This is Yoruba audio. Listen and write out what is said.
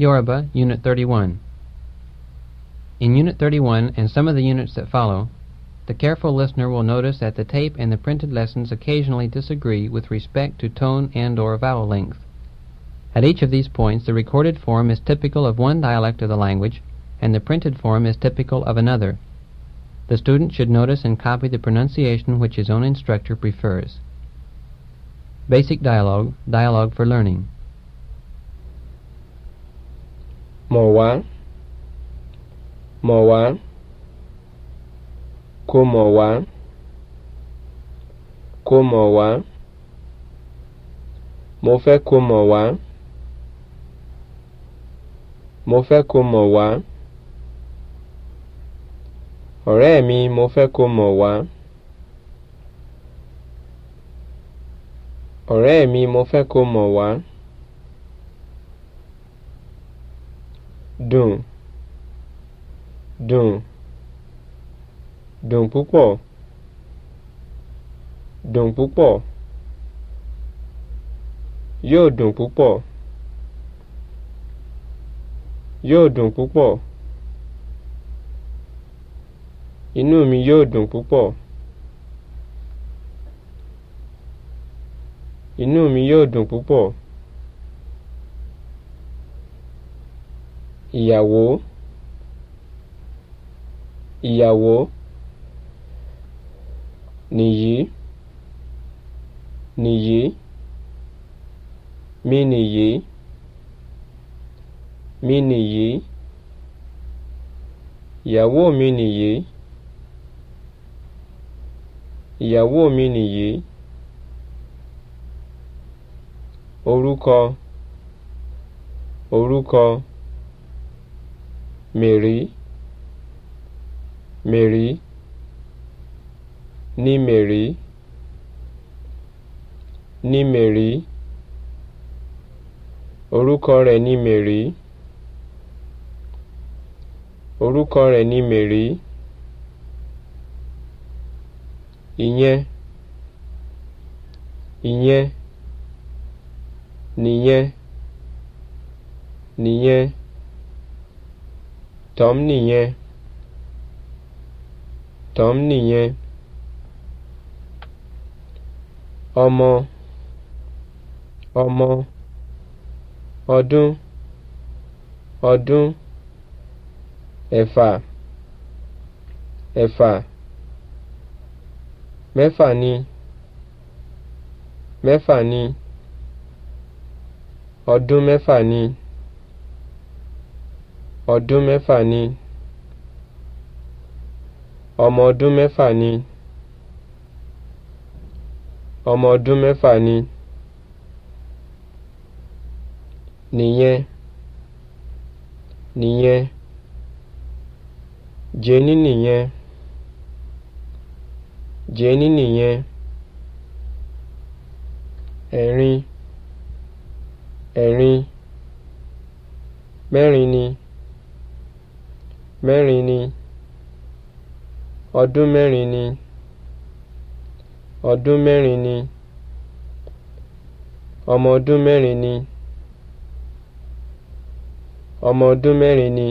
Yoruba, Unit 31. In Unit 31 and some of the units that follow, the careful listener will notice that the tape and the printed lessons occasionally disagree with respect to tone and or vowel length. At each of these points, the recorded form is typical of one dialect of the language, and the printed form is typical of another. The student should notice and copy the pronunciation which his own instructor prefers. Basic Dialogue, Dialogue for Learning. mọ̀wá mọ̀wá kó mọ̀wá kó mọ̀wá mo fẹ́ kó mọ̀wá mo fẹ́ kó mọ̀wá ọ̀rẹ́ mi mo fẹ́ kó mọ̀wá ọ̀rẹ́ mi mo fẹ́ kó mọ̀wá. dùn dùn dùn púpọ̀ dùn púpọ̀ yóò dùn púpọ̀ yóò dùn púpọ̀ inú mi yóò dùn púpọ̀ inú mi yóò dùn púpọ̀. ìyàwó ìyàwó nìyí nìyí mí nìyí mí nìyí ìyàwó mi nìyí ìyàwó mi nìyí orúkọ orúkọ. Mary, Mary, ní Mary, ní Mary, orúkọ rẹ̀ ní Mary, orúkọ rẹ̀ ní Mary, ìyẹn, ìyẹn, nìyẹn, nìyẹn. Tom nìyẹn Tom nìyẹn ọmọ ọmọ ọdún ọdún ẹ̀fà ẹ̀fà mẹ́fà ni mẹ́fà ni ọdún mẹ́fà ni ọdún mẹ́fà ni ọmọ ọdún mẹ́fà ni ọmọ ọdún mẹ́fà ni nìyẹn nìyẹn jẹni nìyẹn jẹni nìyẹn ẹ̀rin ẹ̀rin mẹ́rin ni mẹ́rin ni ọdún mẹ́rin ni ọdún mẹ́rin ni ọmọ ọdún mẹ́rin ni ọmọ ọdún mẹ́rin ni.